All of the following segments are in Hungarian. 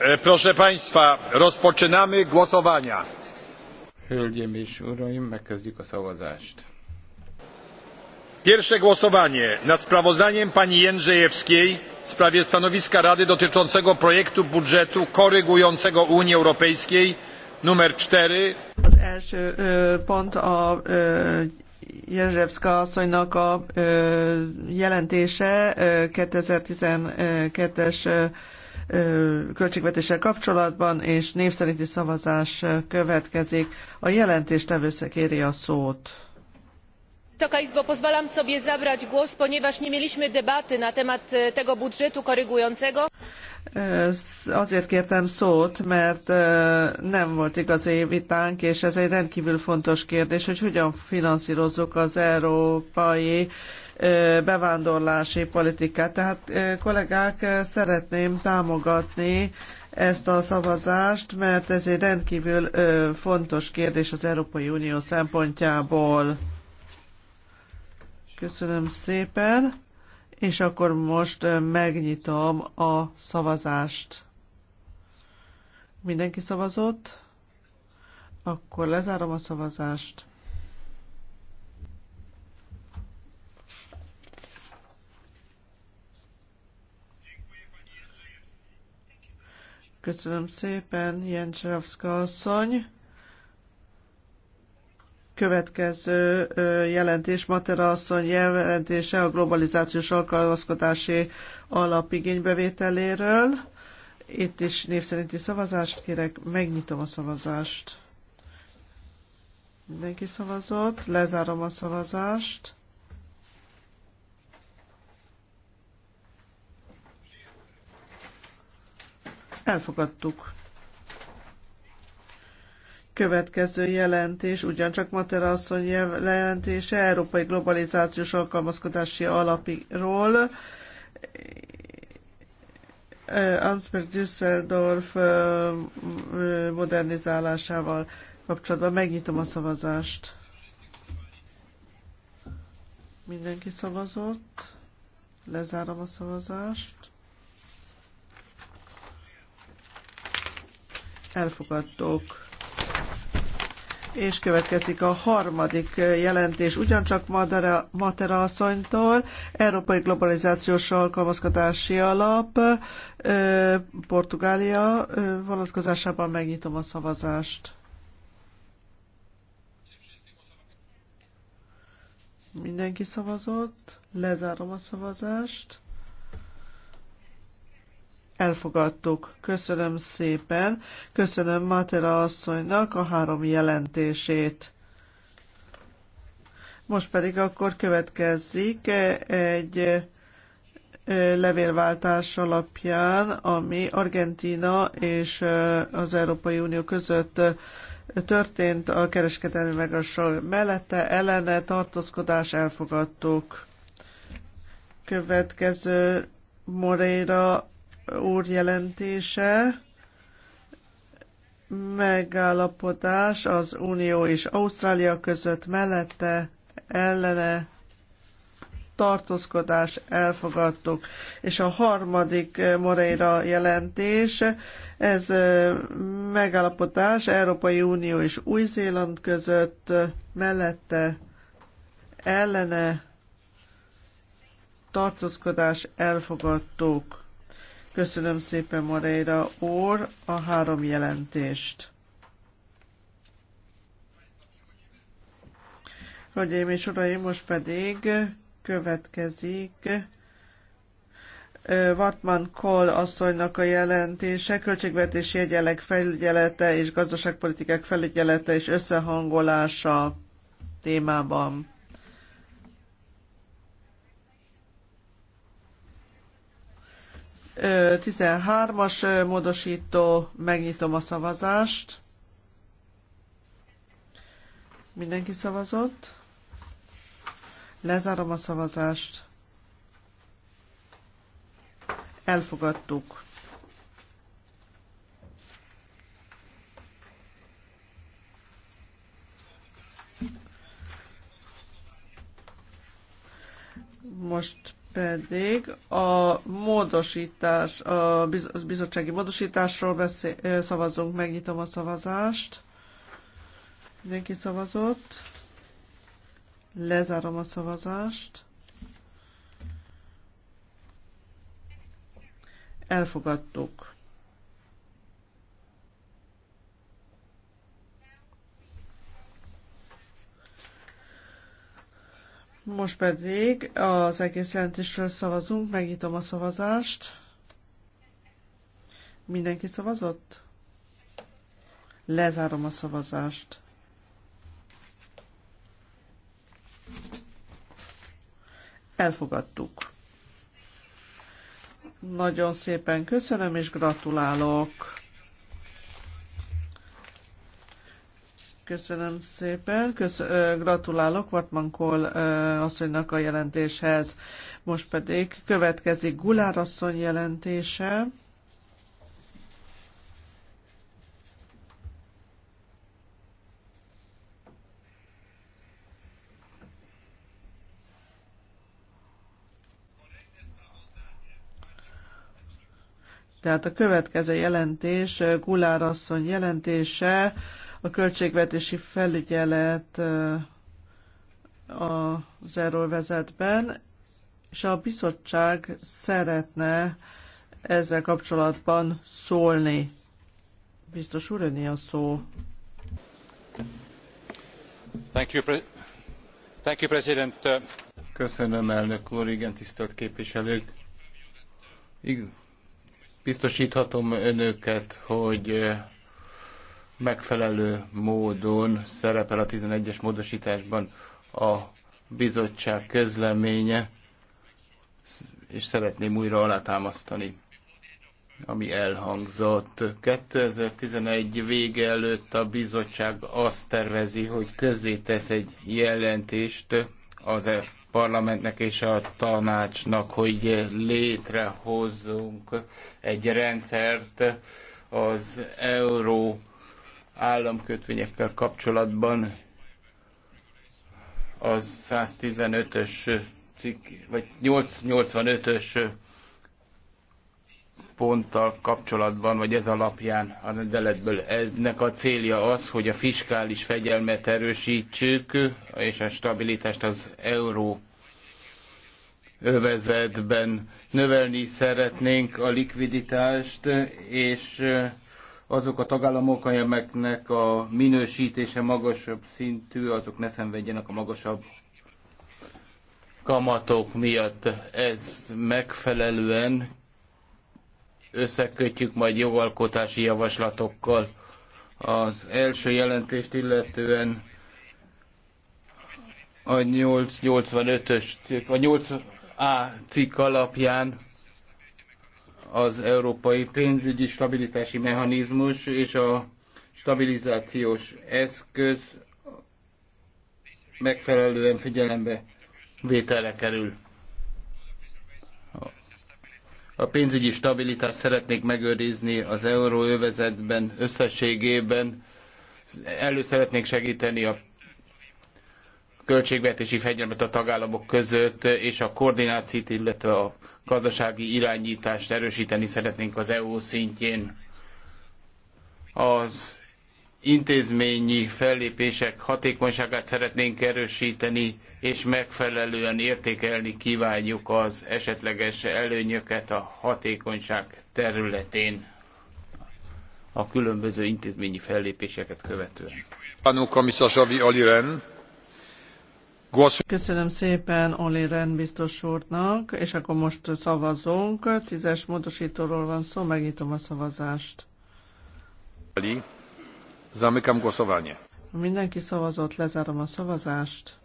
E, proszę Państwa, rozpoczynamy głosowania. Pierwsze głosowanie nad sprawozdaniem pani Jędrzejewskiej w sprawie stanowiska Rady dotyczącego projektu budżetu korygującego Unii Europejskiej numer cztery Az első e, pont a e, Jezsevszka asszonynak a jelentése 2012-es költségvetéssel kapcsolatban, és név szerinti szavazás következik. A jelentéstevő kéri a szót. Wysoka Izbo, pozwalam sobie zabrać głos, ponieważ nie mieliśmy debaty na temat e, tego budżetu korygującego. Azért kértem szót, mert nem volt igazi vitánk, és ez egy rendkívül fontos kérdés, hogy hogyan finanszírozzuk az európai bevándorlási politikát. Tehát kollégák, szeretném támogatni ezt a szavazást, mert ez egy rendkívül fontos kérdés az Európai Unió szempontjából. Köszönöm szépen. És akkor most megnyitom a szavazást. Mindenki szavazott? Akkor lezárom a szavazást. Köszönöm szépen, Jencsevszka asszony következő jelentés, Matera asszony jelentése a globalizációs alkalmazkodási alapigénybevételéről. Itt is név szerinti szavazást kérek, megnyitom a szavazást. Mindenki szavazott, lezárom a szavazást. Elfogadtuk következő jelentés, ugyancsak Matera asszony jelentése Európai Globalizációs Alkalmazkodási Alapiról. Ansberg Düsseldorf modernizálásával kapcsolatban megnyitom a szavazást. Mindenki szavazott. Lezárom a szavazást. Elfogadtok és következik a harmadik eh, jelentés, ugyancsak Madara, Matera asszonytól, Európai Globalizációs Alkalmazkodási Alap, eh, Portugália eh, vonatkozásában megnyitom a szavazást. Mindenki szavazott, lezárom a szavazást elfogadtuk. Köszönöm szépen. Köszönöm Matera asszonynak a három jelentését. Most pedig akkor következik egy levélváltás alapján, ami Argentina és az Európai Unió között történt a kereskedelmi megasol mellette, ellene tartózkodás elfogadtuk. Következő Moreira úr jelentése megállapodás az Unió és Ausztrália között mellette ellene tartózkodás elfogadtuk. És a harmadik Moreira jelentés, ez megállapodás Európai Unió és Új-Zéland között mellette ellene tartózkodás elfogadtuk. Köszönöm szépen, Moreira úr, a három jelentést. Hölgyeim és uraim, most pedig következik Vartman Kohl asszonynak a jelentése, költségvetési egyenleg felügyelete és gazdaságpolitikák felügyelete és összehangolása témában. 13-as módosító, megnyitom a szavazást. Mindenki szavazott. Lezárom a szavazást. Elfogadtuk. Most pedig a módosítás, a bizottsági módosításról beszél, szavazunk, megnyitom a szavazást. Mindenki szavazott. Lezárom a szavazást. Elfogadtuk. Most pedig az egész jelentésről szavazunk, megnyitom a szavazást. Mindenki szavazott? Lezárom a szavazást. Elfogadtuk. Nagyon szépen köszönöm és gratulálok. Köszönöm szépen. Kösz, gratulálok Vartman Kohl asszonynak a jelentéshez. Most pedig következik Gulár asszony jelentése. Tehát a következő jelentés, Gulár asszony jelentése, a költségvetési felügyelet az erővezetben, és a bizottság szeretne ezzel kapcsolatban szólni. Biztos úr, a szó. Thank you, Thank you, President. Köszönöm, elnök úr, igen, tisztelt képviselők. Igen. Biztosíthatom önöket, hogy megfelelő módon szerepel a 11-es módosításban a bizottság közleménye, és szeretném újra alátámasztani, ami elhangzott. 2011 vége előtt a bizottság azt tervezi, hogy közzé tesz egy jelentést az -e parlamentnek és a tanácsnak, hogy létrehozzunk egy rendszert az Európa államkötvényekkel kapcsolatban az 115-ös cikk, vagy 885-ös ponttal kapcsolatban, vagy ez alapján a rendeletből. Ennek a célja az, hogy a fiskális fegyelmet erősítsük, és a stabilitást az euró övezetben növelni szeretnénk a likviditást, és azok a tagállamok, amelyeknek a minősítése magasabb szintű, azok ne szenvedjenek a magasabb kamatok miatt. Ezt megfelelően összekötjük majd jogalkotási javaslatokkal. Az első jelentést illetően a 885-ös, a 8A cikk alapján az európai pénzügyi stabilitási mechanizmus és a stabilizációs eszköz megfelelően figyelembe vételre kerül. A pénzügyi stabilitást szeretnék megőrizni az euróövezetben összességében. Elő szeretnék segíteni a költségvetési fegyelmet a tagállamok között, és a koordinációt, illetve a gazdasági irányítást erősíteni szeretnénk az EU szintjén. Az intézményi fellépések hatékonyságát szeretnénk erősíteni, és megfelelően értékelni kívánjuk az esetleges előnyöket a hatékonyság területén a különböző intézményi fellépéseket követően. Panu komisarzowi Oliren. Köszönöm szépen Oli Ren biztos úrnak, és akkor most szavazunk. Tízes módosítóról van szó, megnyitom a szavazást. Ali, zamykam głosowanie. Mindenki szavazott, lezárom a szavazást.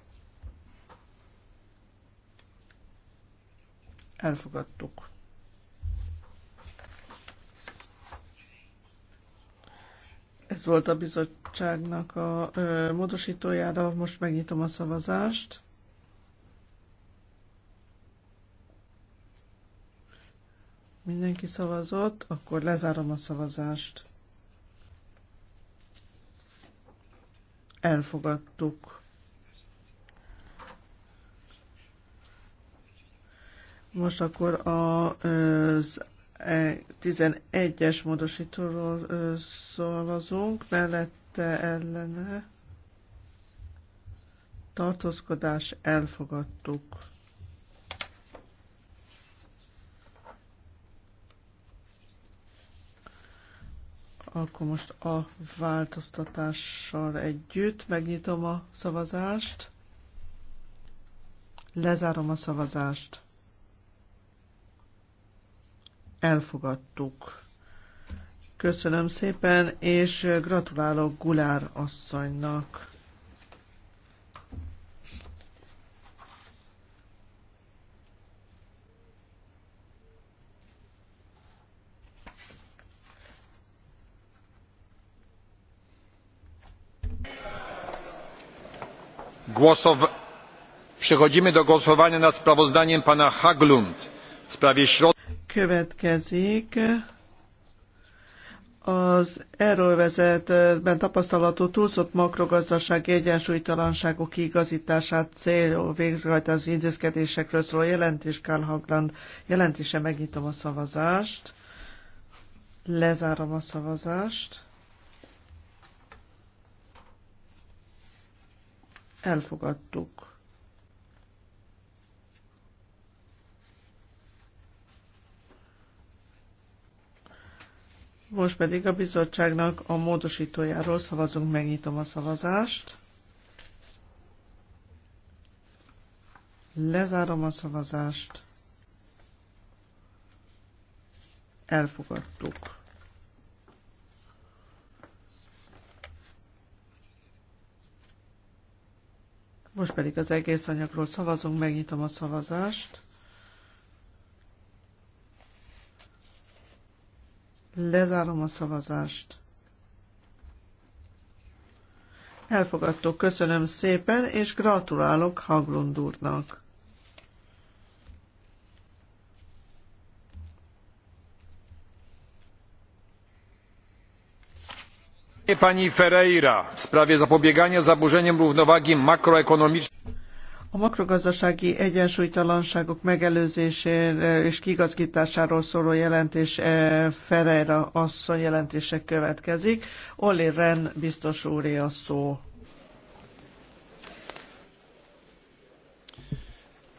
Elfogadtuk. Ez volt a bizottság bizottságnak a ö, módosítójára most megnyitom a szavazást. Mindenki szavazott, akkor lezárom a szavazást. Elfogadtuk. Most akkor az 11-es e módosítóról szavazunk, mellett mellette ellene tartózkodás elfogadtuk. Akkor most a változtatással együtt megnyitom a szavazást. Lezárom a szavazást. Elfogadtuk. Köszönöm szépen, és gratulálok Gulár asszonynak. Głosow... przechodzimy do głosowania nad sprawozdaniem pana haglund w sprawie środków az erővezetben tapasztalatú túlszott makrogazdasági egyensúlytalanságok kiigazítását célú végrehajtású intézkedésekről szóló jelentés Karl Hagland jelentése. Megnyitom a szavazást. Lezárom a szavazást. Elfogadtuk. Most pedig a bizottságnak a módosítójáról szavazunk, megnyitom a szavazást. Lezárom a szavazást. Elfogadtuk. Most pedig az egész anyagról szavazunk, megnyitom a szavazást. Lezárom a szavazást. Elfogadtok, köszönöm szépen, és gratulálok Haglund úrnak. pani ferreira w sprawie zapobiegania zaburzeniom równowagi makroekonomicznej a makrogazdasági egyensúlytalanságok megelőzésére és kigazgításáról szóló jelentés eh, Ferreira asszony jelentése következik. Olli Ren biztos úré a szó.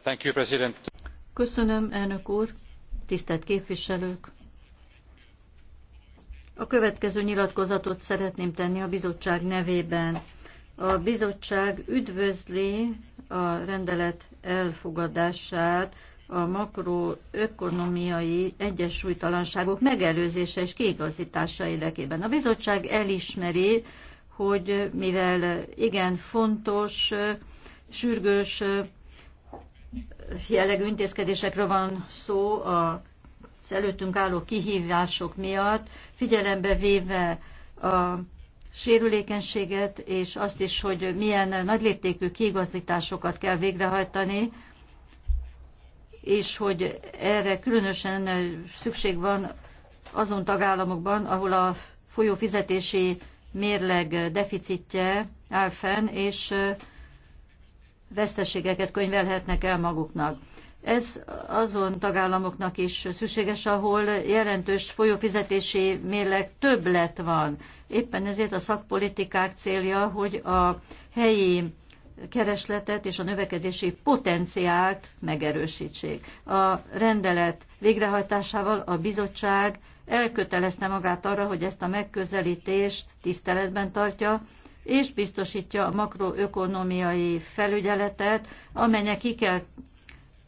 Thank you, President. Köszönöm, elnök úr, tisztelt képviselők! A következő nyilatkozatot szeretném tenni a bizottság nevében. A bizottság üdvözli a rendelet elfogadását a makroökonomiai egyensúlytalanságok megelőzése és kiigazítása érdekében. A bizottság elismeri, hogy mivel igen fontos, sürgős jellegű intézkedésekről van szó a előttünk álló kihívások miatt, figyelembe véve a sérülékenységet, és azt is, hogy milyen nagyléptékű kiigazításokat kell végrehajtani, és hogy erre különösen szükség van azon tagállamokban, ahol a folyófizetési mérleg deficitje áll fenn, és veszteségeket könyvelhetnek el maguknak. Ez azon tagállamoknak is szükséges, ahol jelentős folyófizetési mérleg többlet van. Éppen ezért a szakpolitikák célja, hogy a helyi keresletet és a növekedési potenciált megerősítsék. A rendelet végrehajtásával a bizottság elkötelezte magát arra, hogy ezt a megközelítést tiszteletben tartja, és biztosítja a makroökonomiai felügyeletet, amelynek ki kell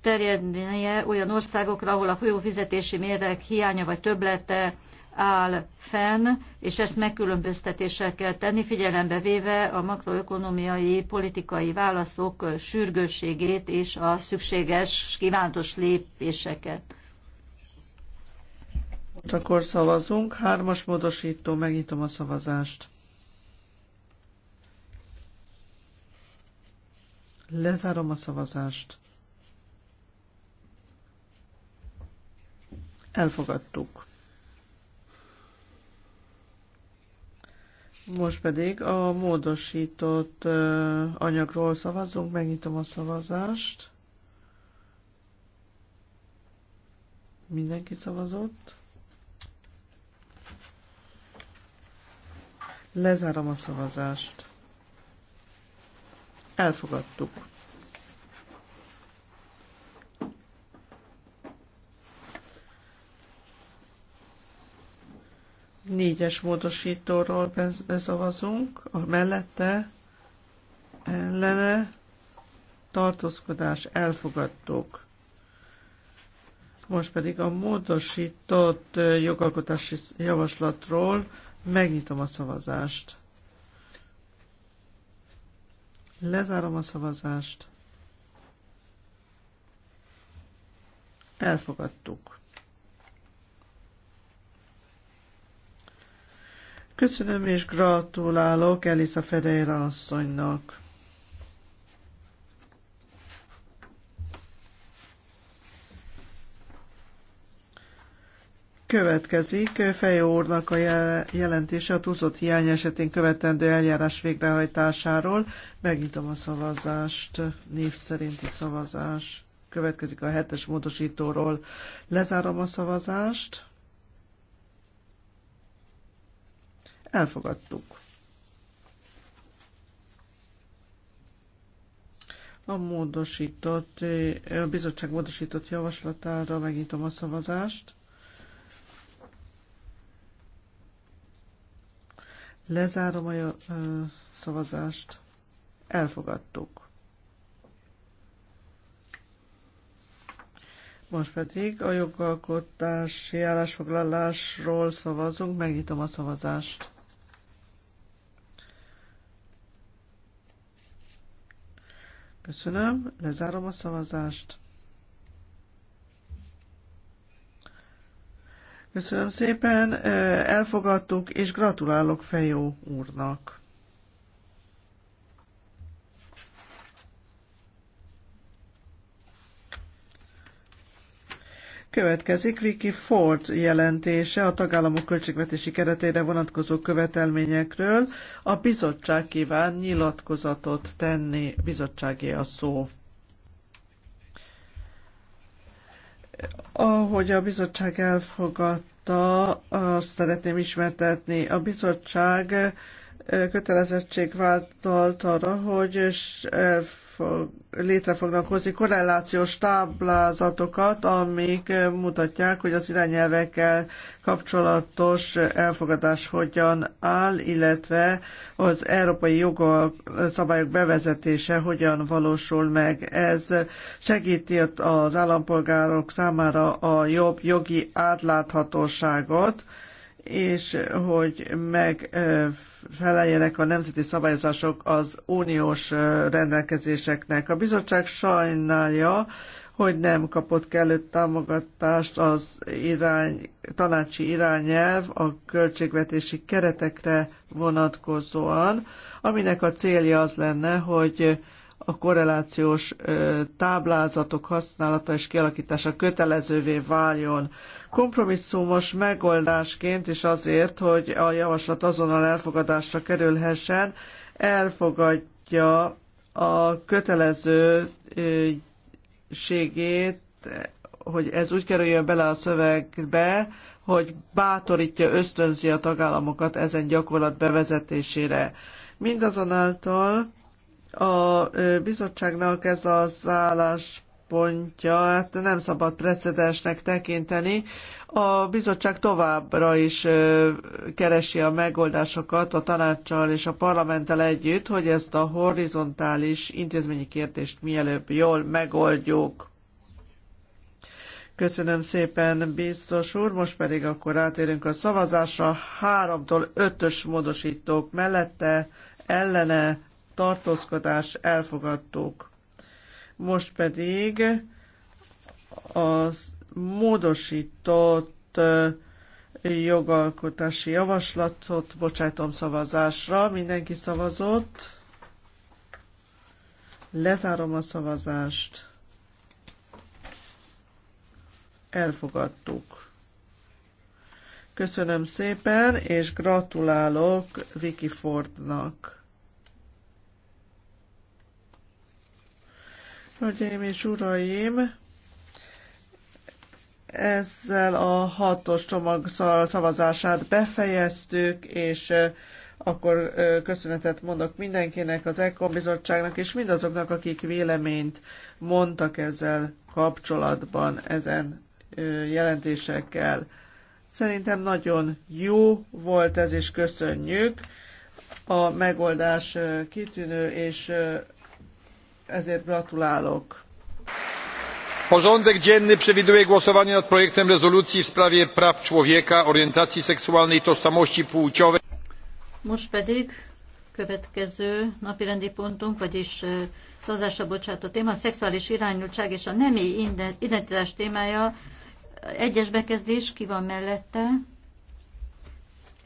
terjednie olyan országokra, ahol a folyófizetési mérlek hiánya vagy töblete áll fenn, és ezt megkülönböztetéssel kell tenni, figyelembe véve a makroökonomiai politikai válaszok sürgősségét és a szükséges, kívántos lépéseket. Most akkor szavazunk. Hármas módosító, megnyitom a szavazást. Lezárom a szavazást. Elfogadtuk. Most pedig a módosított anyagról szavazzunk, megnyitom a szavazást. Mindenki szavazott. Lezárom a szavazást. Elfogadtuk. Négyes módosítóról beszavazunk, a mellette ellene tartózkodás elfogadtuk. Most pedig a módosított jogalkotási javaslatról megnyitom a szavazást. Lezárom a szavazást. Elfogadtuk. Köszönöm és gratulálok Elisa Ferreira asszonynak. Következik Fejó úrnak a jelentése a túlzott hiány esetén követendő eljárás végrehajtásáról. Megnyitom a szavazást, név szerinti szavazás. Következik a hetes módosítóról. Lezárom a szavazást. Elfogadtuk. A módosított, a bizottság módosított javaslatára megnyitom a szavazást. Lezárom a szavazást. Elfogadtuk. Most pedig a jogalkotási állásfoglalásról szavazunk, megnyitom a szavazást. Köszönöm, lezárom a szavazást. Köszönöm szépen, elfogadtuk, és gratulálok Fejó úrnak. Következik Vicky Ford jelentése a tagállamok költségvetési keretére vonatkozó követelményekről. A bizottság kíván nyilatkozatot tenni, bizottságé a szó. Ahogy a bizottság elfogadta, azt szeretném ismertetni. A bizottság kötelezettség vállalt arra, hogy és létre fognak hozni korrelációs táblázatokat, amik mutatják, hogy az irányelvekkel kapcsolatos elfogadás hogyan áll, illetve az európai jogszabályok bevezetése hogyan valósul meg. Ez segíti az állampolgárok számára a jobb jogi átláthatóságot, és hogy megfeleljenek a nemzeti szabályozások az uniós rendelkezéseknek. A bizottság sajnálja, hogy nem kapott kellő támogatást az irány, tanácsi irányelv a költségvetési keretekre vonatkozóan, aminek a célja az lenne, hogy a korrelációs táblázatok használata és kialakítása kötelezővé váljon. Kompromisszumos megoldásként és azért, hogy a javaslat azonnal elfogadásra kerülhessen, elfogadja a kötelezőségét, hogy ez úgy kerüljön bele a szövegbe, hogy bátorítja, ösztönzi a tagállamokat ezen gyakorlat bevezetésére. Mindazonáltal a bizottságnak ez az állás hát nem szabad precedensnek tekinteni. A bizottság továbbra is keresi a megoldásokat a tanácssal és a parlamenttel együtt, hogy ezt a horizontális intézményi kérdést mielőbb jól megoldjuk. Köszönöm szépen, biztos úr. Most pedig akkor átérünk a szavazásra. háromtól ötös módosítók mellette, ellene tartózkodás elfogadtuk. Most pedig az módosított jogalkotási javaslatot bocsátom szavazásra. Mindenki szavazott. Lezárom a szavazást. Elfogadtuk. Köszönöm szépen, és gratulálok Vicky Fordnak. Hölgyeim és uraim, ezzel a hatos csomag szavazását befejeztük, és akkor köszönetet mondok mindenkinek, az ECOM bizottságnak, és mindazoknak, akik véleményt mondtak ezzel kapcsolatban, ezen jelentésekkel. Szerintem nagyon jó volt ez, és köszönjük. A megoldás kitűnő, és ezért gratulálok. Porządek dzienny przewiduje głosowanie nad projektem rezolucji w sprawie praw człowieka, orientacji seksualnej i tożsamości płciowej. Most pedig következő napirendi pontunk, vagyis e, szavazásra bocsátó téma, a szexuális irányultság és a nemi identitás témája. Egyes bekezdés, ki van mellette?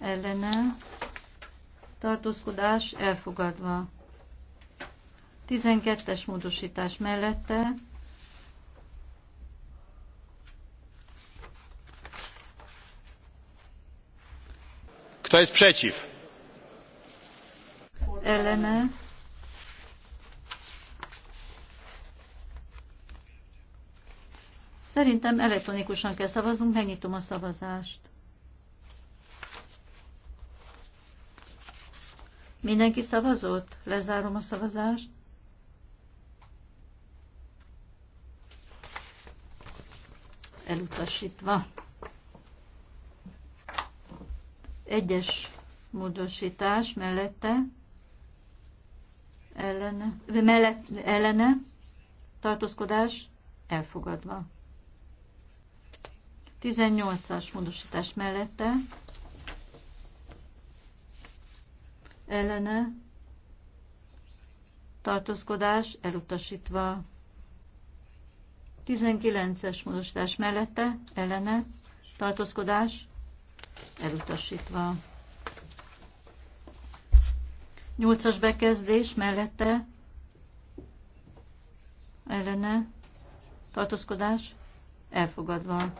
Ellene. Tartózkodás elfogadva. 12-es módosítás mellette Kto jest przeciw? Elena. Szerintem elektronikusan kell szavaznunk, megnyitom a szavazást. Mindenki szavazott? Lezárom a szavazást. elutasítva. Egyes módosítás mellette ellene, mellett, ellene tartózkodás elfogadva. 18-as módosítás mellette ellene tartózkodás elutasítva. 19-es módosítás mellette ellene tartózkodás elutasítva. 8-as bekezdés mellette ellene tartózkodás elfogadva.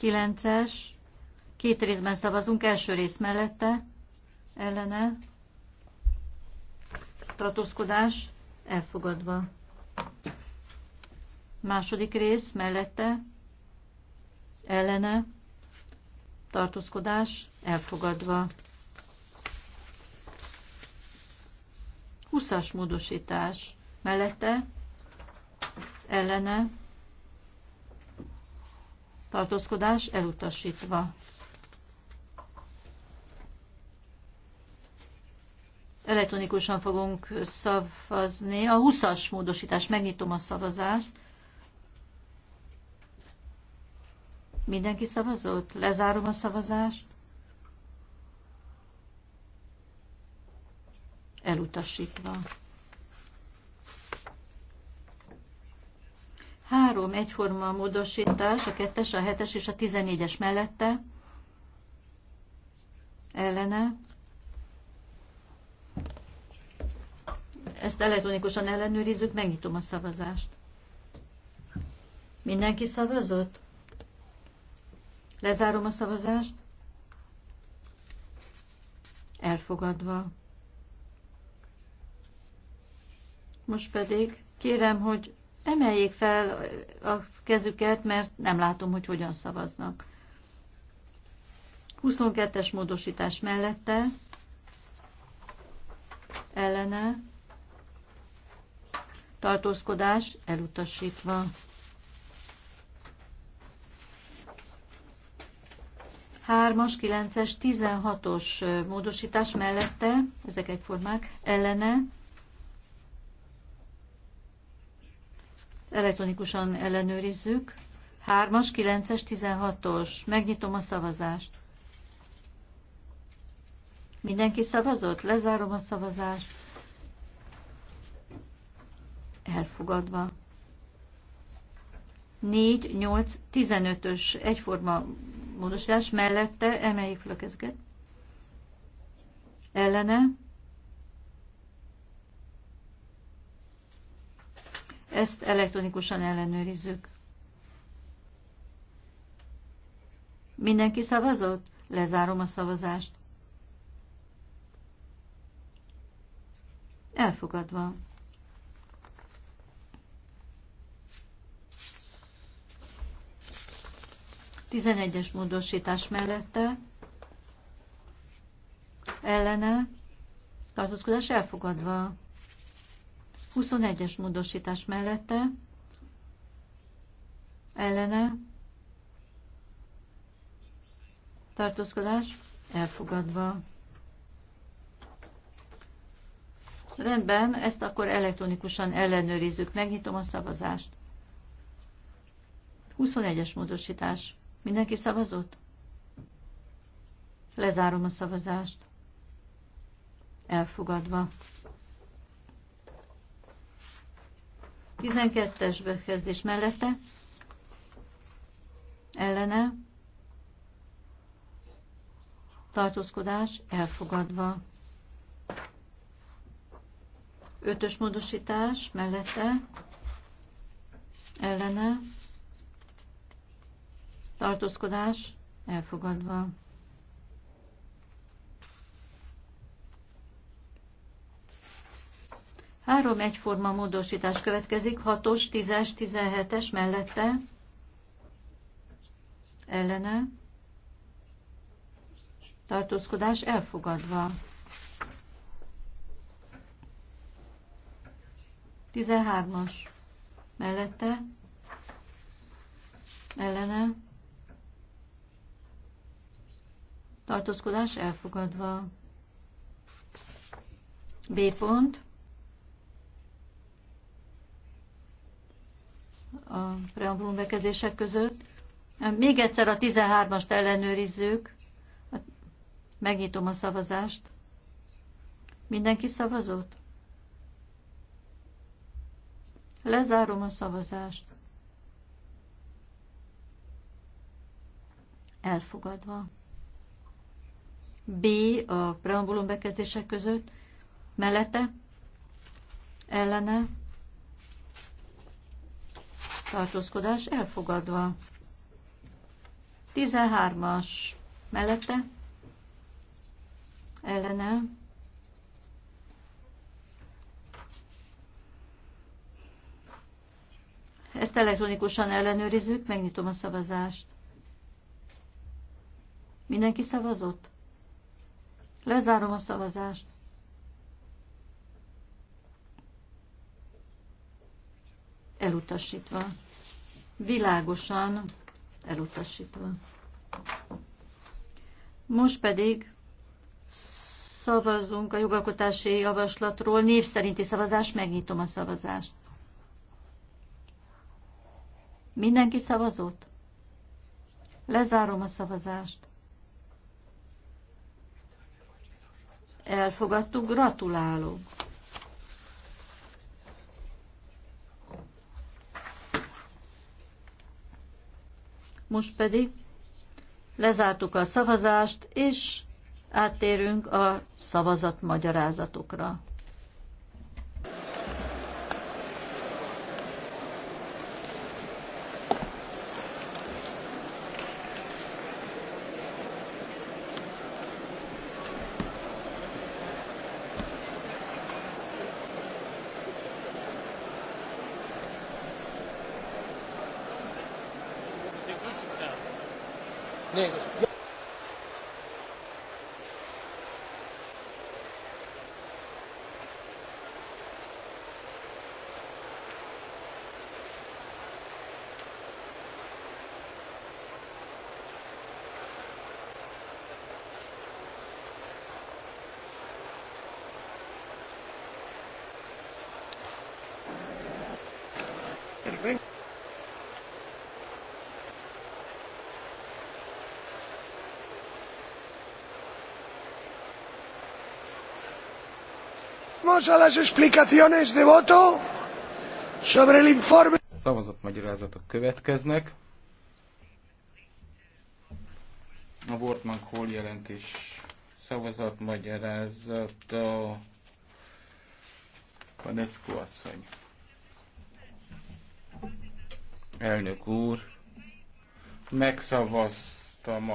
9-es két részben szavazunk, első rész mellette ellene tartózkodás elfogadva. Második rész mellette, ellene, tartózkodás elfogadva. 20-as módosítás mellette, ellene, tartózkodás elutasítva. Elektronikusan fogunk szavazni. A 20-as módosítás, megnyitom a szavazást. Mindenki szavazott? Lezárom a szavazást. Elutasítva. Három egyforma módosítás, a kettes, a hetes és a tizennégyes mellette. Ellene. Ezt elektronikusan ellenőrizzük, megnyitom a szavazást. Mindenki szavazott? Lezárom a szavazást. Elfogadva. Most pedig kérem, hogy emeljék fel a kezüket, mert nem látom, hogy hogyan szavaznak. 22-es módosítás mellette, ellene, tartózkodás elutasítva. 3-as, 9-es, 16-os módosítás mellette, ezek egyformák, ellene, elektronikusan ellenőrizzük, 3-as, 9-es, 16-os, megnyitom a szavazást. Mindenki szavazott? Lezárom a szavazást. Elfogadva. 4, 8, 15-ös egyforma módosítás mellette, emeljük fel a kezüket. Ellene. Ezt elektronikusan ellenőrizzük. Mindenki szavazott? Lezárom a szavazást. Elfogadva. 11-es módosítás mellette ellene tartózkodás elfogadva. 21-es módosítás mellette ellene tartózkodás elfogadva. Rendben, ezt akkor elektronikusan ellenőrizzük. Megnyitom a szavazást. 21-es módosítás. Mindenki szavazott? Lezárom a szavazást. Elfogadva. 12-es bekezdés mellette. Ellene. Tartózkodás elfogadva. 5-ös módosítás mellette. Ellene tartózkodás elfogadva. Három egyforma módosítás következik, 6-os, 10-es, 17-es mellette, ellene, tartózkodás elfogadva. 13-as mellette, ellene, tartózkodás elfogadva. B pont. A preambulum bekezdések között. Még egyszer a 13-ast ellenőrizzük. Megnyitom a szavazást. Mindenki szavazott? Lezárom a szavazást. Elfogadva. B a preambulum bekezdések között, mellette, ellene, tartózkodás elfogadva. 13-as mellette, ellene, Ezt elektronikusan ellenőrizzük, megnyitom a szavazást. Mindenki szavazott? Lezárom a szavazást. Elutasítva. Világosan elutasítva. Most pedig szavazunk a jogalkotási javaslatról. Név szerinti szavazás, megnyitom a szavazást. Mindenki szavazott? Lezárom a szavazást. Elfogadtuk, gratulálok. Most pedig lezártuk a szavazást, és áttérünk a szavazatmagyarázatokra. Pasamos a las explicaciones de voto sobre el informe. Szavazatmagyarázatok következnek. A Wortmann Kohl jelentés szavazatmagyarázata Panescu asszony. Elnök úr, megszavaztam